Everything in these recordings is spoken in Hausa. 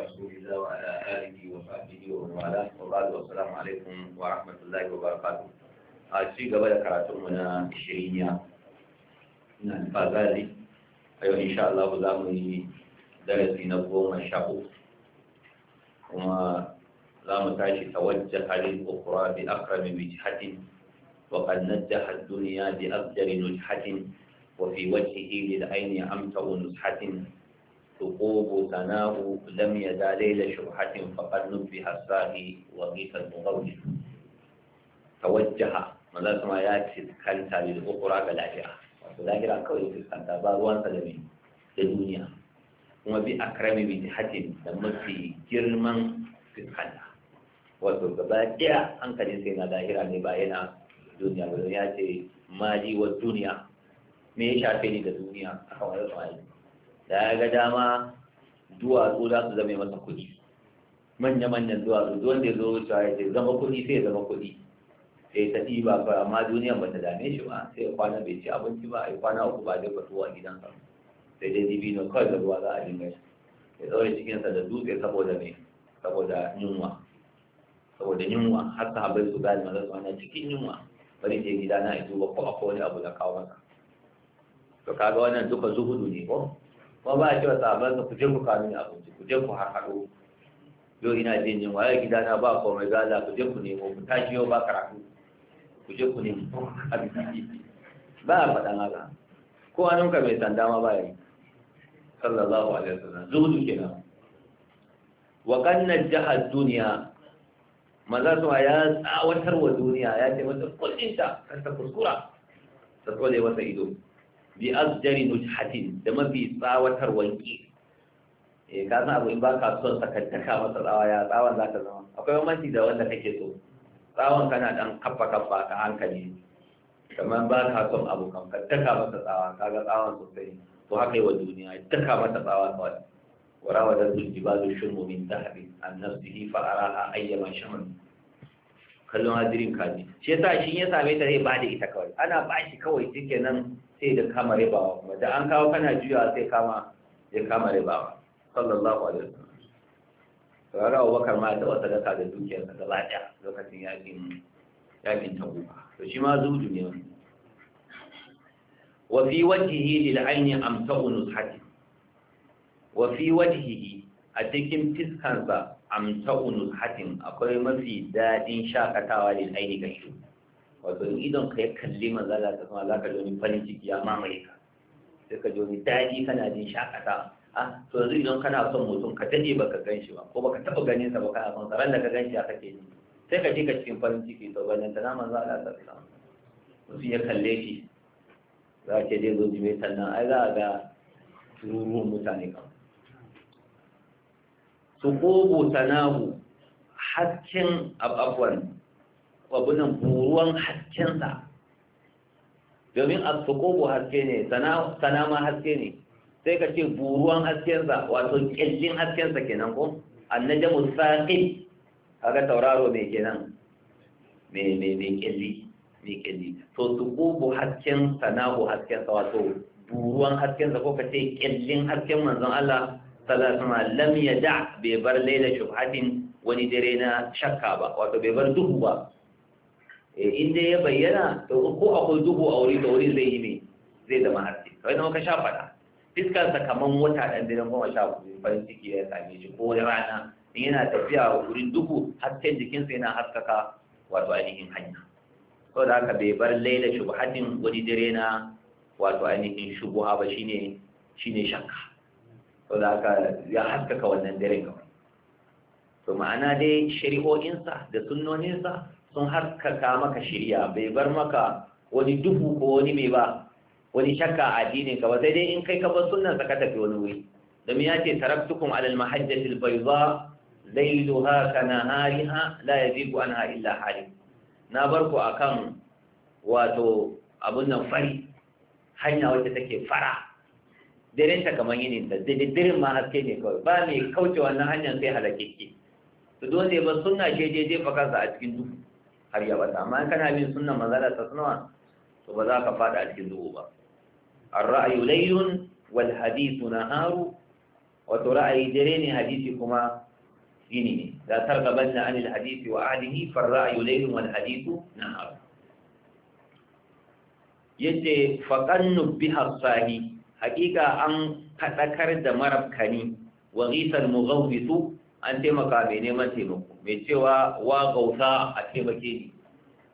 رسول الله وعلى آله وصحبه ومن والاه وبعد والسلام عليكم ورحمة الله وبركاته. أشي آه، قبل كراتون هنا الشرينية من الفازالي أيوة إن شاء الله زامي درسي نبوة ما شابو وما لام تعيش توجه علي الأخرى بأقرب وجهة وقد نجح الدنيا بأفجر نجحة وفي وجهه للعين أمتع نزحة ثقوب ثناه لم يزال ليل فقد نبه الساهي وقيف المغول توجه maza kuma ya fiskanta da kokura ga lafiya wato lahira kawai fiskanta ba ruwan salami da duniya kuma bi akrami bi jihatin da mafi girman fiskanta wato gaba daya sai na lahira ne ba yana duniya ba ya ce duniya me da duniya a kawai da da ya ga dama duwatsu za su zama masa kuɗi manya-manyan duwatsu wanda ya zo wucewa ya ce zama kuɗi sai ya zama kuɗi sai ta ɗi ba amma duniyan ba ta dame shi ba sai ya kwana bai ci abinci ba a kwana uku ba dai fatuwa a sa sai dai dibino kawai da ruwa za a dinga shi ya ɗaure cikinsa da dutse saboda mai saboda yunwa saboda yunwa har sahabai su gane maza su wani cikin yunwa bari je gida na ya duba ko akwai wani abu da kawo maka to kaga wannan duka zuhudu ne ko kuma ba a cewa sahaban sa ku je ku kawo mini abinci ku je ku harhaɗo yau ina jin jin waye gida na ba komai gaza ku je ku nemo ku tashi yau ba karatu ku je ku nemo abinci ba a faɗan haka ko an ka mai sanda ma ba yi sallallahu alaihi wasallam zuhudu kenan wa kanna jahad duniya maza su ya tsawatar wa duniya ya ce mata kullinta kan ta kuskura ta tsole masa ido bi azjari nujhatin da mafi tsawatar wanki eh ka san abu in ba ka son sakantaka masa tsawa ya tsawon za zama akwai bambanci da wanda kake so tsawon kana dan kaffa kaffa ka hankali kamar ba ka son abu kan taka masa tsawa kaga tsawon sosai to haka yi wa duniya taka masa tsawa kawai وراودته الجبال الشم من ذهب عن نفسه فأراها Ayyama, Shaman. kallon hadirin kaji shi yasa shi ya same ta zai bada ita kawai ana ba shi kawai shikenan sai da kama ribawa ba da an kawo kana juyawa sai kama ya kama ribawa sallallahu alaihi wasallam rara bakar ma da wata daka da dukiyarsa gaba ɗaya lokacin yakin yakin tabuka to shi ma zuwa ne wa fi wajhihi lil aini amsahu nushati wa fi wajhihi a cikin fiskansa amsahu nushatin akwai mafi dadin shakatawa lil ayni ga shi wato idan ka ya kalli maza za ka kuma za ka ji wani farin ciki ya mamaye ka sai ka ji wani daɗi kana jin shakata a ah, to yanzu idan kana son mutum ka daɗe baka gan shi ba ko baka taɓa ganin sa ba kana son tsaron da ka gan shi aka kake ni sai ka je ka cikin farin ciki to ba nan na manzo Allah ta sa mutum ya kalle shi za ce dai zo jima'i sannan ai za a ga tururuwan mutane kan su ƙogo sanahu hasken abubuwan wabunan buruwan haskensa domin a sukubu haske ne sana ma haske ne sai ka ce buruwan haskensa wato ƙyallin haskensa kenan ko annajamu saƙi kaga tauraro mai kenan mai ƙirji mai ƙirji to sukubu hasken sana'u haskensa wato buruwan haskensa ko ka ce ƙirjin hasken manzon Allah sallallahu lam da bai bar laila shubhatin wani dare na shakka ba wato bai bar duhu ba Eh, in dai ya bayyana to ko akwai duhu a wuri da wuri zai yi mai zai zama haske kawai na ka sha faɗa fiskarsa kamar wata ɗan bidan goma sha hudu farin ciki ya same shi ko rana in yana tafiya a wurin duhu hasken jikinsa yana haskaka wato ainihin hanya ko da haka bai bar laila shubhatin wani dare na wato ainihin shubuha ba shine shine shakka ko da haka ya haskaka wannan dare kawai to ma'ana dai shari'o'insa da sunnoninsa sun haskaka maka shirya bai bar maka wani duhu ko wani mai ba wani shakka a addinin ka ba sai dai in kai ka bar sunnan ka tafi wani wuri domin ya ce taraktukum alal mahajjatil bayda laylaha ka nahariha la yazigu anha illa halik na bar ku akan wato abun nan fari hanya wacce take fara ta kamar yinin da dirin ma haske ne kawai ba mai kauce wannan hanyar sai halakeke to dole ba sunna je je je a cikin duhu har ya bata amma kana bin sunnan manzala ta sunawa to ba za ka fada a cikin duhu ba ar-ra'yu laylun wal hadithu naharu wato ra'ayi dare ne hadisi kuma yini ne la targhabanna anil hadisi wa ahlihi far ra'yu laylun wal hadithu naharu yace faqannu biha sahi haqiqa an fadakar da marabkani wa ghisal mughawwisu an taimaka mai neman taimako mai cewa wa gauta a taimake ni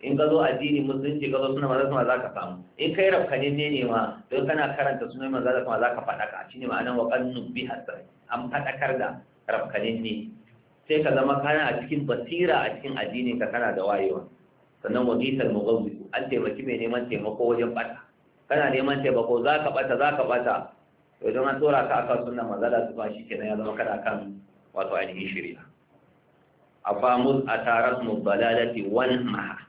in ka zo addini musulunci ka zo suna maza kuma za ka samu in kai rafkanin ne ne ma don kana karanta sunan maza kuma za ka faɗaka shi ne ma'anar waƙan nubi hasar an faɗakar da rafkanin ne sai ka zama kana a cikin basira a cikin addini ka kana da wayewa sannan wajitar mugawzi an taimaki mai neman taimako wajen ɓata kana neman taimako za ka ɓata za ka ɓata to idan an tura ka akan sunan maza da ba shi kenan ya zama kana kan wato ainihin shari'a afamuz atarasnu dalalati wanmaha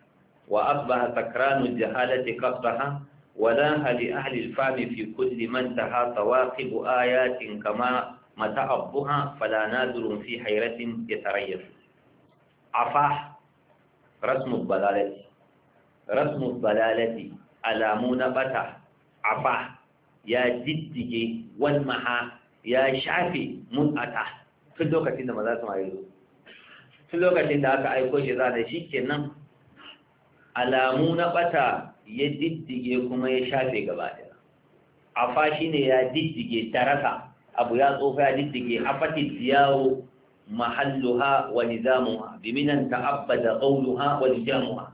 wa asbaha sakranu jahalati qafsaha ولاها لأهل الفهم في كل من تها تواقب آيات كما متعبها فلا نادر في حيرة يتريث عفاح رسم الضلالة رسم الضلالة ألامون بتا عفاح يا جدك والمحا يا شافي منأته tun lokacin da maza su mayu tun lokacin da aka aiko shi za da shi kenan alamu na bata ya diddige kuma ya shafe gaba daya a shi ne ya diddige tarasa abu ya tsofa ya diddige a afati diyawo mahalluha wa nizamuha biminan ta'abbada qawluha wa nizamuha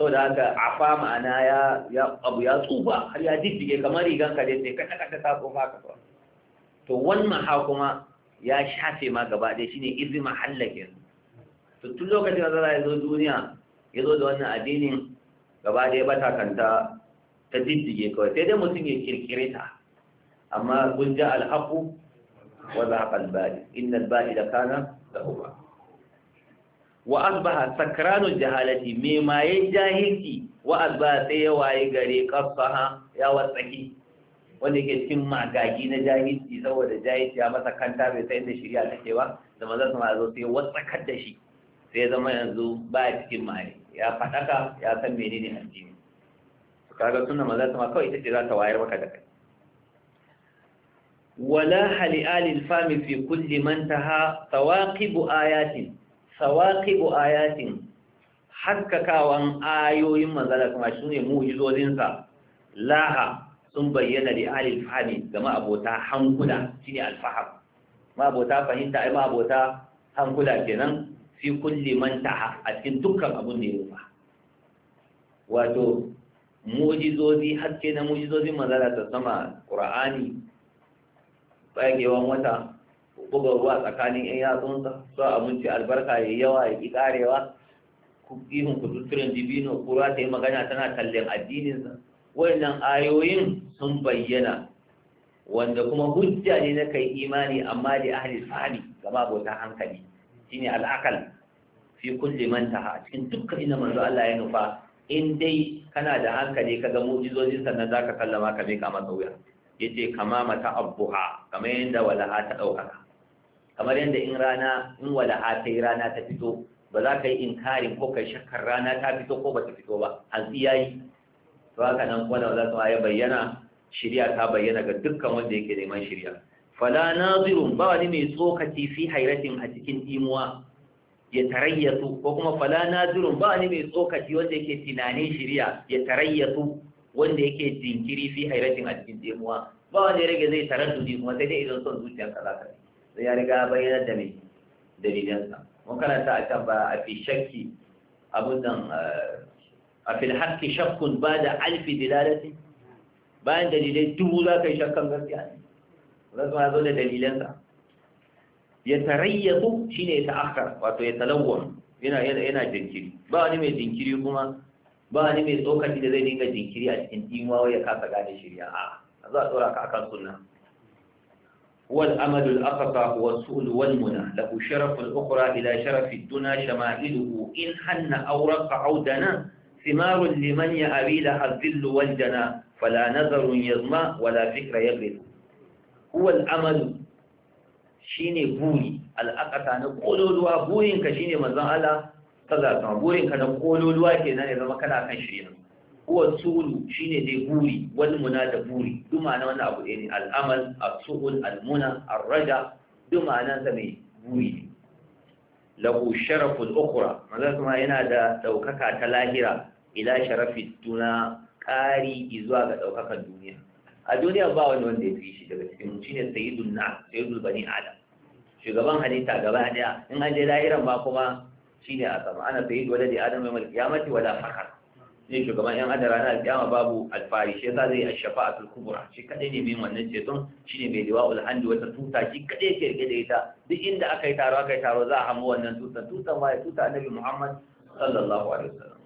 da haka afa ma'ana ya ya abu ya tsufa har ya diddige kamar rigan ka dai sai kada ta tsofa ka to wannan ha kuma ya shafe ma gaba ɗaya shine izi mahalla kenan to tun lokacin da zara ya zo duniya ya zo da wannan addinin gaba ɗaya bata kanta ta diddige kawai sai dai mutum ya kirkire ta amma kun ja alhaqu wa zahaqa albali inna albaila kana uba wa asbaha sakranu jahalati me maye jahilci wa asbaha sai ya waye gare qasaha ya wasaki wanda yake cikin magagi na jahilci saboda jahilci ya masa kanta bai sai da shirya take ba da manzon sama ya zo sai wasakar da shi sai zama yanzu ba cikin mare ya fadaka ya san menene addini to kaga sunna manzon sama kawai ita ce za ta wayar maka da kai wala حل آل الفم fi kulli man taha ثواقب ayatin ثواقب ayatin حككاوان ayoyin manzala kuma shine mu'jizozinsa laha sun bayyana da ahli fahmi ga ma'abota hankula ne alfaham ma'abota fahimta ai ma'abota hankula kenan fi kulli man taha a cikin dukkan abun da ya rufa wato mujizozi haske na mujizozin manzala ta sama qur'ani bagewan wata buga ruwa tsakanin yan yatsunsa so abinci albarka ya yawa ya ƙi ƙarewa ihun kututturen dibino kura ta yi magana tana tallen addininsa Wannan ayoyin sun bayyana wanda kuma hujja ne na kai imani amma da ahli sahabi gaba bautan hankali shine al'akal fi kulli man taha cikin dukkan ina manzo Allah ya nufa in dai kana da hankali ka ga mu'jizoji sannan zaka kallama ka mika masa wuya yace kama mata abuha kamar yanda wala'a ta ɗaukaka, kamar yanda in rana in walaha ta rana ta fito ba za ka yi inkarin ko kai shakkar rana ta fito ko ba ta fito ba hanzi yi. to haka nan kuma da za su ya bayyana shirya ta bayyana ga dukkan wanda yake neman shirya fala nazirun ba wani mai tsokaci fi hairatin a cikin imuwa ya tarayyatu ko kuma fala nazirun ba wani mai tsokaci wanda yake tunanin shirya ya tarayyatu wanda yake jinkiri fi hairatin a cikin imuwa ba wani rage zai tarantuni kuma sai dai idan son zuciya za ka sai ya riga bayyana da mai dalilansa mun karanta a can ba a fi shakki abin nan eh, a fil haqqi shakkun da alfi dilalati bayan dalilai dubu za ka yi shakkan gaskiya ne za su zo da dalilansa ya tarayyatu shine ya ta'akhkhar wato ya talawwa yana jinkiri ba wani mai jinkiri kuma ba wani mai tsokaci da zai dinga jinkiri a cikin imawa ya kasa gane shirya a za a tsora ka akan sunna wal amadul aqsa huwa sul wal muna lahu sharaful ukhra ila sharafi duna shama'iluhu in hanna aw raqa aw ثمار لمن يأبي لها الذل والجنى فلا نظر يظمى ولا فكر يغرب هو الأمل شيني بوري الأقطع نقولوا لها بورين كشيني مزان الله تذاتنا بورين كنقول لها كنا إذا ما كان أكن شرينا هو السؤل شيني دي بوري والمنى دي بوري دم أنا وانا أبو إني الأمل السؤل المنى الرجع دم أنا سمي بوري له شرف الأخرى ماذا كما ينادى لو كاكا تلاهرة ila sharafi tuna ƙari zuwa ga ɗaukakan duniya a duniya ba wani wanda ya fi shi daga cikin shi ne sayidun na sayidun bani adam shugaban halitta gaba daya in an je lahiran ba kuma shi ne a sama ana sayid wala da adam mai malkiyamati wala fakar ne shugaban yan adam ranar alƙiyama babu alfari shi yasa zai ashafa a tulkubura shi kaɗai ne mai wannan ceton shi ne mai liwa ulhandi wata tuta shi kaɗai ke rike da ita duk inda aka yi taro aka yi taro za a hamu wannan tutan tutan waye tuta annabi muhammad sallallahu alaihi wasallam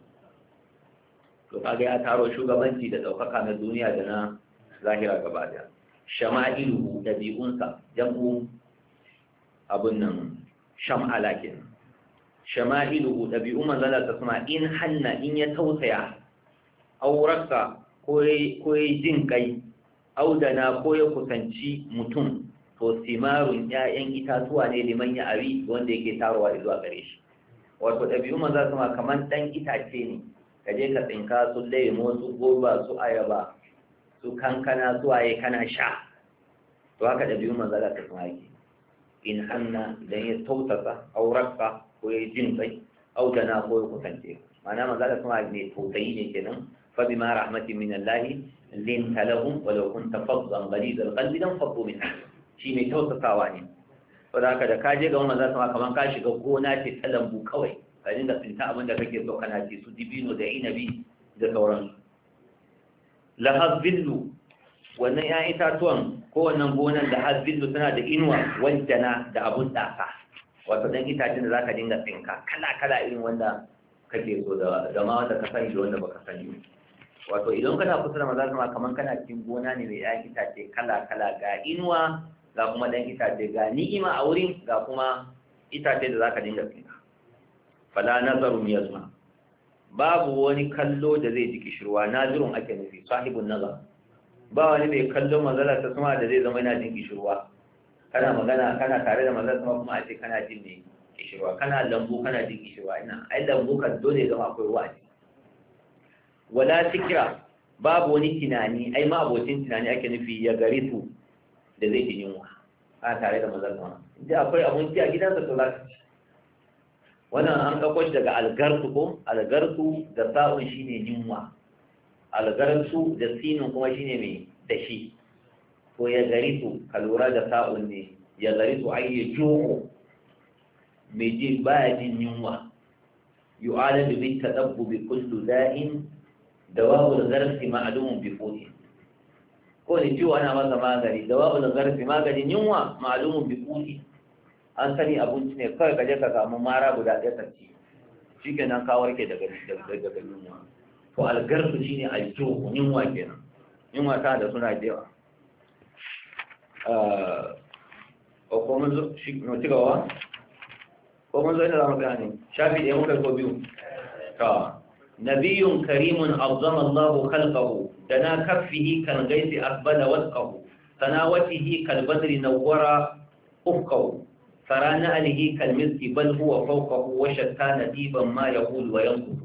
to kaga ya taro shugabanci da ɗaukaka na duniya da na zahira gaba daya shama'ilu ɗabi'unsa jam'u abun nan sham'ala kenan shama'ilu ɗabi'u manzala ta suma in hanna in ya tausaya aurarsa ko ya jin kai audana ko ya kusanci mutum to simarun 'ya'yan itatuwa ne liman ya abi wanda yake tarowa zuwa gare shi wato ɗabi'un manzala ta suma kamar ɗan itace ne ka je ka tsinka su lemo su goba su ayaba su kankana su waye kana sha to haka da biyu manzala ta kuma yake in hanna idan ya tautasa aurarsa ko ya jin kai au na ko ya kusance ma'ana manzala kuma ne tautayi ne kenan fa ma rahmatin min allahi linta lahum wa law kunta faddan ghalid al-qalbi lam faddu min shi ne tautasawa ne saboda haka da ka je ga wannan zata kaman ka shiga gona ce ta lambu kawai ka dinga tsinta abin da kake so kana ci su dibino da inabi da sauransu la hazbillu wannan ya itatuwan ko wannan gonan da hazbillu tana da inuwa wajjana da abun dasa wato dan itacen da zaka dinga tsinka kala kala irin wanda kake so da da ma wanda ka sani da wanda baka sani wato idan kana kusa da maza kuma kaman kana cikin gona ne mai ƴaƴan itace kala kala ga inuwa ga kuma dan itace ga ni'ima a wurin ga kuma itace da zaka dinga tsinka fala nazarun yazma babu wani kallo da zai ji kishirwa nazirun ake nufi sahibun nazar ba wani mai kallo mazalar ta sama da zai zama yana jin kishirwa kana magana kana tare da mazalar sama kuma a ce kana jin ne kishirwa kana lambu kana jin kishirwa ina ai lambu ka dole zama akwai ruwa ne wala tikira babu wani tunani ai ma abocin tunani ake nufi ya gari da zai ji yunwa a tare da mazalar sama ji akwai abinci a gidansa to za ka ci wannan an ɗauko shi daga algarsu ko algarsu da sa'un shine yunwa algarsu da sinin kuma shine mai dashi ko ya gari su ka lura da sa'un ne ya gari su ai ya juhu mai ji baya jin yunwa yu'aladu bi tadabbu bi kullu da'in dawa'ul gharfi ma'alumun bi qutin ko ne ciwo ana masa magani da dawa'ul gharfi maganin yunwa ma'alumun bi qutin an sani abinci ne kawai kaje ka samu mara guda ɗaya sarki shi ke nan kawar daga daga yunwa to algarsu shi ne aljo yunwa nan yunwa ta da suna jewa a kuma zo shi cigawa ko mun zo ina za mu gane shafi ɗaya muka ko biyu ta nabiyun karimun abzama Allahu da na kaffihi kan gaisi akbala wasqahu sanawatihi kal badri nawwara ufqahu فران عليه كالمسك بل هو فوقه وشتى نبيبا ما يقول وينقض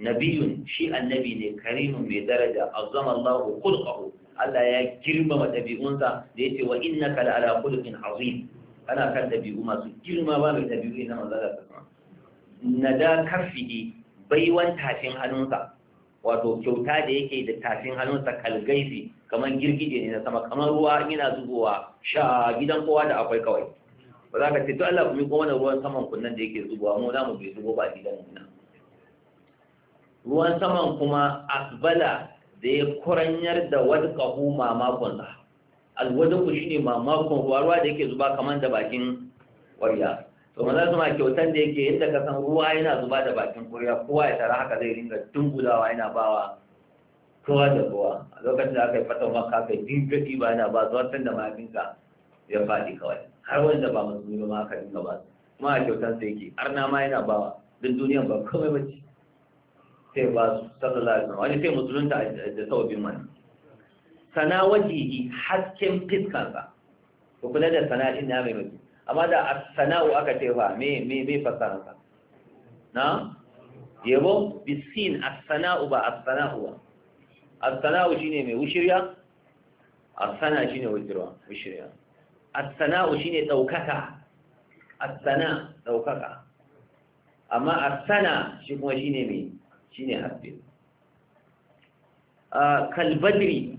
نبي شيء النبي كريم بدرجة عظم الله خلقه Allah ya girmama ɗabi'unsa da ya ce wa inna ka da alaƙulukin azim ana kan ɗabi'u masu girma ba mai ɗabi'u ina maza na da baiwan tafin hannunsa wato kyauta da yake da tafin hannunsa kalgaifi kamar girgije ne na sama kamar ruwa yana zubowa sha gidan kowa da akwai kawai ba za ka ce to Allah ku miƙo mana ruwan saman kunnan da yake zubowa mu bi zubo ba gidan mu nan ruwan saman kuma asbala da ya kuranyar da kahu mamakon sa ku shine mamakon ruwa ruwa da yake zuba kamar da bakin ƙwarya to maza su ma kyautan da yake yadda ka san ruwa yana zuba da bakin ƙwarya kowa ya tara haka zai ringa dungulawa yana bawa kowa da kowa a lokacin da aka yi fatan maka kai yi gadi ba yana ba zuwa da mafinka ya faɗi kawai har wanda ba musulmi ba ma aka dinga ba kuma a kyautar sai yake har na ma yana bawa duk duniyan ba komai ba ce sai ba su sallallahu alaihi wasallam wani sai musulunta da sababin man sana wajihi hasken fiskansa ko kula da sana din na mai mutu amma da sana'u aka ce fa me me me fasaransa na yabo bisin as-sana'u ba as-sana'u ba as-sana'u shine mai wushirya as-sana shine wujirwa wushirya asana sanau shine daukaka asana ɗaukaka, daukaka amma as shi kuma shine me shine hasbi kalbadri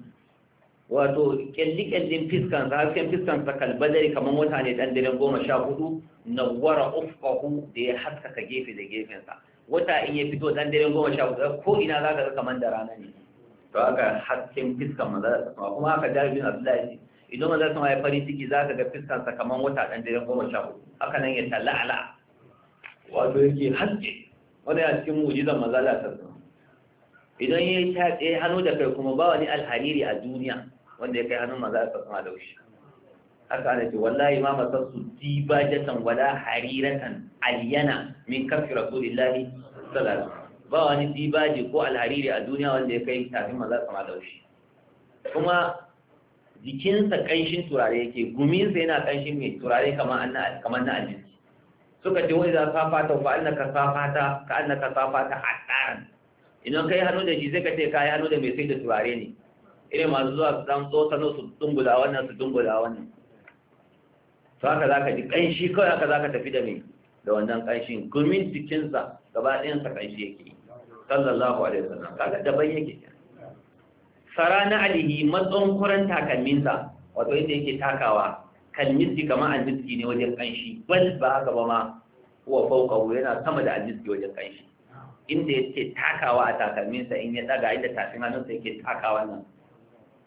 wato kyalli-kyallin fiskan sa hasken fiskan sa kalbadari kamar wata ne dan goma sha hudu na wara ufkahu da ya haskaka gefe da gefensa wata in ya fito dan daren goma sha hudu ko ina za ka ga man da rana ne to aka hasken fiskan maza da kuma aka jari bin abdullahi idan maza sama ya farin ciki za ka ga fiskansa kamar wata ɗan jere goma sha hudu haka nan ya tala'ala wato yake haske wani a cikin mujizan maza da ta zama idan ya yi taɗe hannu da kai kuma ba wani alhariri a duniya wanda ya kai hannun maza da ta zama laushi haka ana ce wallahi ma diba, jatan wala hariratan aliyana min kafin rasulillahi sallallahu ba wani dibaji ko alhariri a duniya wanda ya kai tafin maza ta zama laushi kuma jikinsa ƙanshin turare yake guminsa yana ƙanshin mai turare kamar na abinci suka ce wani za ka fata ka an safata ka a safata hadaran ka kai hannu da shi sai ka ce kai hannu da mai sai da turare ne irin masu zuwa su dan tsosano su dungula wannan su dungula wannan to haka zaka ji kanshi kawai haka zaka tafi da mai da wannan kanshin gumin jikinsa, gaba ɗayan sa kanshi yake sallallahu alaihi wasallam kaga daban yake kenan fara na alihi matsayin kuran takalminsa wato inda yake takawa kalmiski kamar aljiski ne wajen kanshi bal ba haka ba ma fauka fawqahu yana sama da aljiski wajen kanshi inda yake takawa a takalminsa in ya daga inda tafin hannunsa yake takawa nan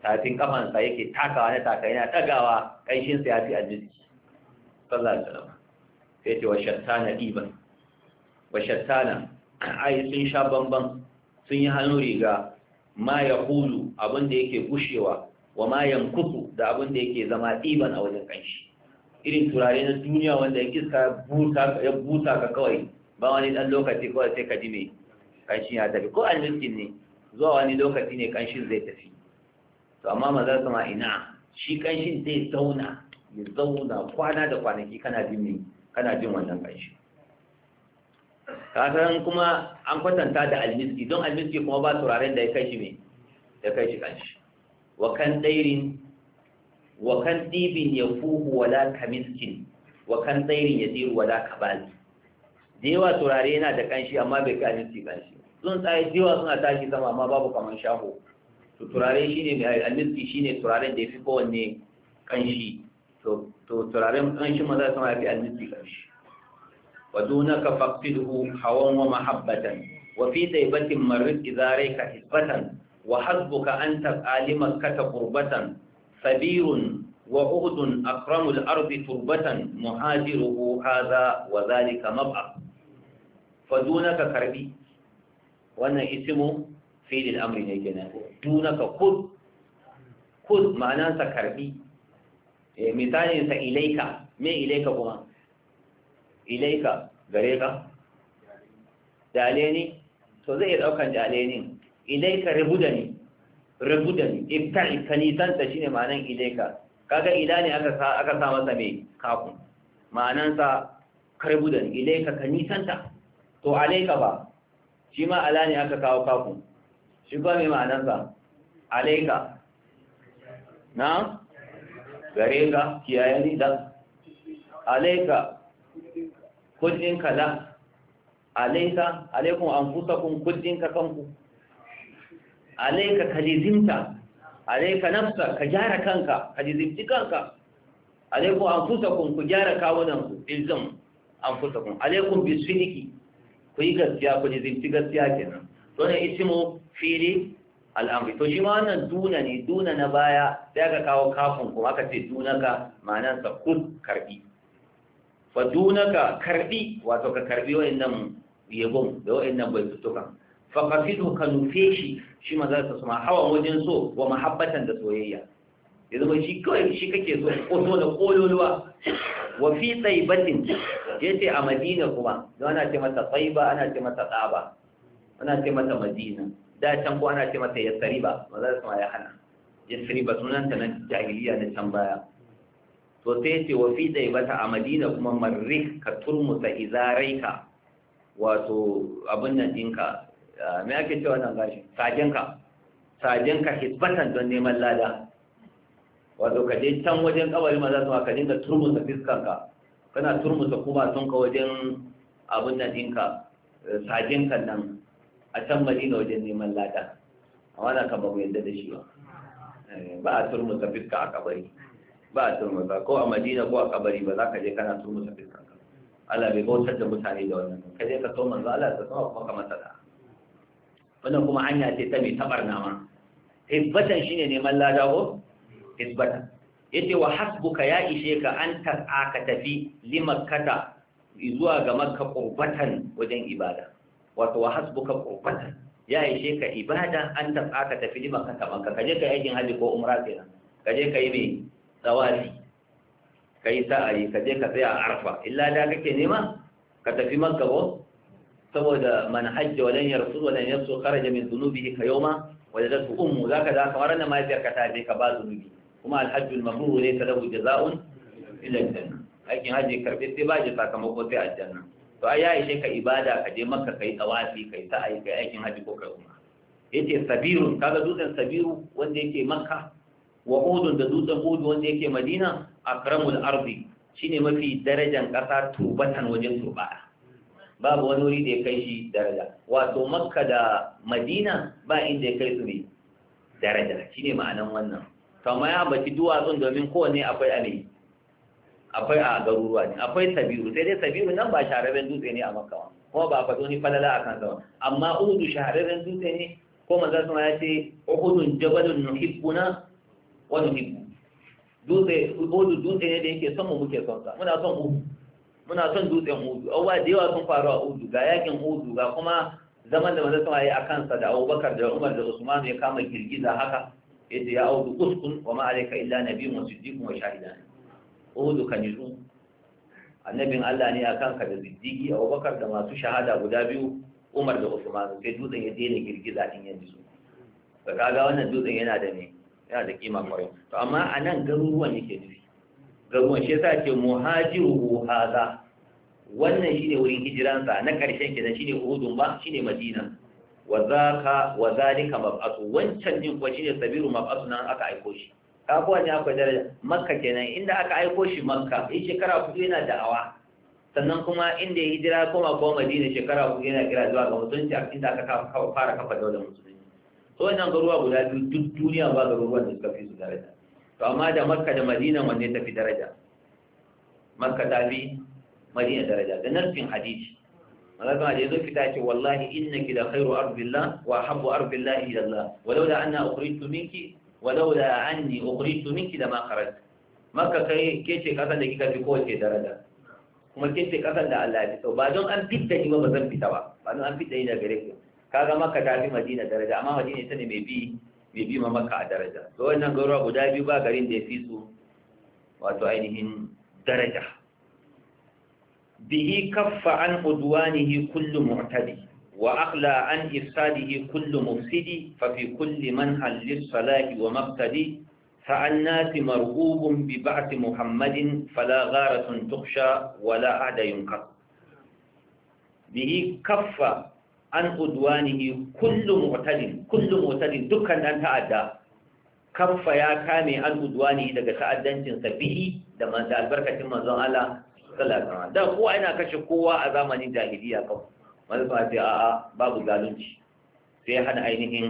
tafin kafansa yake takawa na taka yana tagawa kanshinsa ya fi aljiski sallallahu alaihi wasallam sai ce wa shattana diban wa shattana ai sun sha bamban sun yi hannu riga ma ya hulu abin yake gushewa wa ma yankusu da abin yake zama ɗiban a wajen kanshi irin turare na duniya wanda ya kiska ya busa ka kawai ba wani ɗan lokaci kawai sai ka ji mai kanshi ya tafi ko an ne zuwa wani lokaci ne kanshin zai tafi to amma maza su ina shi kanshin zai zauna ya zauna kwana da kwanaki kana jin jin wannan ƙanshi. kasan kuma an kwatanta da almiski don almiski kuma ba turaren da ya kai shi ne da kai shi kanshi wa kan tsairin wa kan ɗibin ya fuhu wala kamiskin wa kan tsairin ya tsiru wala kabali da yawa turare yana da kanshi amma bai kai almiski kanshi sun tsaye yawa suna tashi sama amma babu kamar shaho to turare shine mai almiski ne turaren da ya fi kowanne kanshi to turaren kanshi maza sama ya fi almiski kanshi ودونك فاقصده هوا ومحبة وفي طيبة مرد إذا ريك حسبة وحسبك أنت عالمك قربة فبير وعهد أكرم الأرض تربة مهاجره هذا وذلك مبعث فدونك كربي وأنا اسمه فعل الأمر نيجنا دونك خذ خذ معناه كربي مثال إليك ما إليك كمان ilaika gare ka jale ni to zai iya daukan jale ni ilaika rabu da ni rabu da ni ibta'i kanisanta shine ma'anan ilaika kaga ila ne aka sa aka sa masa mai kafin ma'anan sa Ilaika da ni ilaika kanisanta to alaika ba shi ma ala ne aka kawo kafin shi ba mai ma'anan sa alaika na gare ka kiyaye ni da alaika kundin la alaika alaikum anfusakum kundin ka kanku alaika kalizimta alaika nafsa ka gyara kanka kalizimti kanka alaikum anfusakum ku gyara kawunan ku ilzam anfusakum alaikum bisidiki ku yi gaskiya ku lizimti gaskiya kenan ne ismu fili al'amri to shi ma wannan duna ne duna na baya sai aka kawo kafin kuma aka ce dunaka ma'anansa ma'anar kun karbi fa dunaka karbi wato ka karbi wayannan yabon da wayannan baitutukan fa qafidu ka nufe shi shi ma za ta suma hawa wajen so wa mahabbatan da soyayya ya zama shi kawai shi kake so ko da kololuwa wa fi tsaibatin ce a madina kuma don ana ce mata tsaiba ana ce mata tsaba ana ce mata madina da can ko ana ce mata yasriba maza su ma ya hana yasriba sunanta na jahiliya na can baya to sai ce wa fi daibata a madina kuma marrik ka turmusa izaraika wato abin nan dinka. Ah, me ake cewa nan gashi Sajen ka hisbatan don neman lada wato ka je can wajen kabari maza su ka dinga turmusa fiskanka kana turmusa kuma sun ka wajen abin nan Sajen sajenka nan a can madina wajen neman lada a wannan kan ba mu yadda da shi ba eh, ba a turmusa fiska a kabari ba a turmusa ko a madina ko a kabari ba za ka je kana turmusa fiskan ka Allah bai bautar da mutane da wannan ka je ka so manzo Allah ta sama kuma ka masa da wannan kuma hanya ce ta mai tabarna ma hibbatan shine neman lada ko hibbatan yace wa hasbuka ya ishe ka an ka tafi limakkata zuwa ga makka qurbatan wajen ibada wato wa hasbuka qurbatan ya ishe ka ibada an tar'a aka tafi limakkata ka ka kaje ka aikin hajji ko umra kenan kaje ka yi tsawafi ka yi sa'ayi ka je ka tsaya a arfa illa da kake nema ka tafi makka ba saboda mana hajji wa lan yarsu wa lan yarsu kara min zunubi ka yawma wa umu za ka da kamar nan mafiyar ka tafi ka ba zunubi kuma alhajjul mabrur ne da jazaa'un ila aljanna aikin hajji karfe sai ba ji sakamako sai aljanna to ai ya ishe ka ibada ka je makka kai tawafi kai sa'ayi kai aikin hajji ko kai umma yace sabiru kaga dutsen sabiru wanda yake makka wa udun da dutsen udu wanda yake madina akramul shi shine mafi darajan kasa tubatan wajen turbaya babu wani wuri da ya kai shi daraja wato makka da madina ba inda ya kai su ne daraja shine ma'anan wannan kama ya baki duwatsun domin kowanne akwai ne akwai a garuruwa ne akwai sabiru sai dai sabiru nan ba shahararren dutse ne a makka ba, kuma ba faɗo ni falala a kan sama amma uhudu shahararren dutse ne ko maza suna ya ce uhudun jabalun nuhibbuna wani hibbu dutse uhudu dutse ne da yake son mu muke son sa muna son uhu muna son dutsen uhudu abubuwa da yawa sun faru a uhudu ga yakin uhudu ga kuma zaman da manzon sama yi a kansa da abubakar da umar da usman ya kama girgiza haka yadda ya audu uskun wa ma alayka illa nabiyyun wa siddiqun wa shahidan uhudu kan yizu annabin Allah ne a kanka da siddiqi abubakar da masu shahada guda biyu umar da usman sai dutsen ya daina girgiza din yanzu ka ga wannan dutsen yana da ne yana da kima kwarai to amma a nan garuruwan yake nufi garuruwan shi yasa ce muhajiru haza wannan shine wurin hijiransa na ƙarshen kenan shine Uhudun ba shine Madina wa zaka wa zalika mab'atu wancan din kuwa shine sabiru mab'atu nan aka aiko shi ka kuwa ne akwai daraja Makka kenan inda aka aiko shi Makka in shekara kudu yana da'awa sannan kuma inda ya hijira koma ko Madina shekara kudu yana kira zuwa ga mutunci a inda aka fara kafa daular musulunci wannan garuwa guda biyu duk duniya ba garuruwan da suka fi su daraja to amma da makka da madina wanne ta fi daraja makka ta fi madina daraja da narfin hadisi malaka da yazo fita ce wallahi innaki la khairu ardillah wa habbu ardillah ila Allah walaula anna ukhrijtu minki walaula anni ukhrijtu minki lama kharaj makka kai ke ce kaza da kika fi kowace daraja kuma ke ce kaza da Allah ya fi ba don an fitta ba ba zan fita ba ba don an fitta ni gare ku kaga maka ta fi madina daraja amma madina ita ne mai bi mai bi ma maka a daraja to wannan garuruwa guda biyu ba garin da ya fi su wato ainihin daraja bihi kaffa an udwanihi kullu mu'tadi wa akhla an ifsadihi kullu mufsidi fa fi kulli man lis-salahi wa maqtadi فالناس مرغوب ببعث محمد فلا غارة تخشى ولا أعدى ينقض Bihi كف an udwanihi kullum mu'tadin kullum mu'tadin dukkan dan ta'adda kaffa ya kame an udwanihi daga ta'addancin sabihi da manzo albarkatin manzon Allah sallallahu alaihi wasallam da kowa yana kashe kowa a zamanin jahiliya kawai manzo ba sai a babu zalunci sai hana ainihin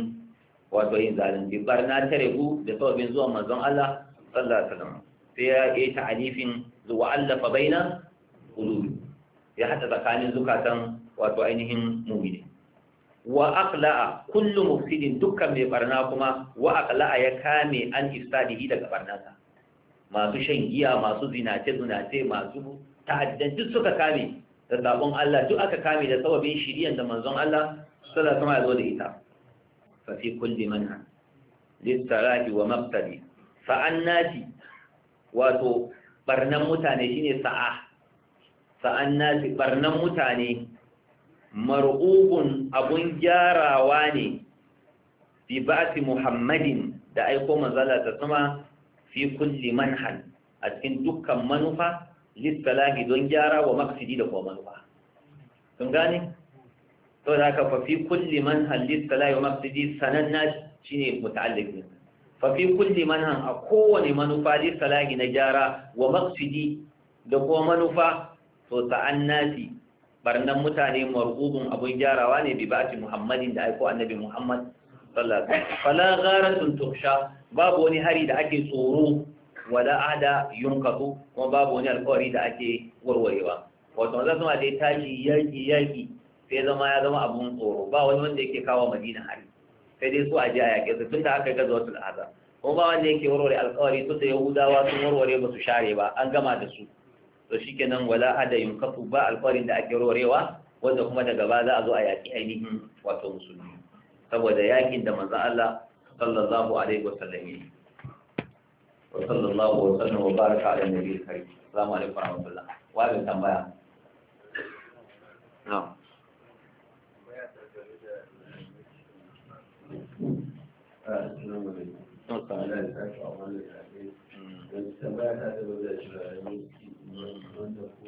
wato yin zalunci barna ta rabu da sababin zuwa manzon Allah sallallahu alaihi wasallam sai ya yi ta'alifin zuwa allafa baina qulubi ya hada tsakanin zukatan wato ainihin mumini wa Akla'a kullu mufsidin dukkan mai barna kuma wa aqla'a ya kame an istadihi daga barnansa masu shan giya masu zinace zinace masu ta'addanci suka kame da sabon Allah duk aka kame da sababin shiriyan da manzon Allah sallallahu alaihi wasallam ya ita fa fi kulli manha listarahi wa maqtadi fa annati wato barnan mutane shine sa'a sa'an nasi barnan mutane mar'ubun abun gyarawa ne fi ba'ati muhammadin da aiko manzala ta sama fi kulli manhal a cikin dukkan manufa lissalahi don gyara wa maksidi da kuma manufa sun gane to da aka fafi kulli manhan, lissalahi wa maksidi sananna shine muta'alliq fa Fafi kulli manhan a kowane manufa lissalahi na gyara wa maksidi da kuma manufa to ta'annati barnan mutane marhubun abun gyarawa ne bi ba'ati muhammadin da aiko annabi muhammad sallallahu alaihi wasallam fala gharatun tuhsha babu wani hari da ake tsoro wala ada yunkatu kuma babu wani alƙawari da ake warwarewa wato wanda zama dai tashi yaki yaki sai zama ya zama abun tsoro ba wani wanda yake kawo madina hari sai dai su a ji a yaƙe su tun da aka gaza wasu al'aza kuma ba wanda yake warware alƙawari tun da yahudawa sun warware ba su share ba an gama da su to kenan wala hada kafu ba alƙawarin da ake rorewa wanda kuma daga ba za a zo a yaƙi ainihin wato musulmi saboda yaƙin da manzon Allah sallallahu alaihi wasallam yi wa sallallahu wa sallam wa baraka ala nabiyil karim assalamu alaikum wa rahmatullah wa bi tambaya na'am 嗯。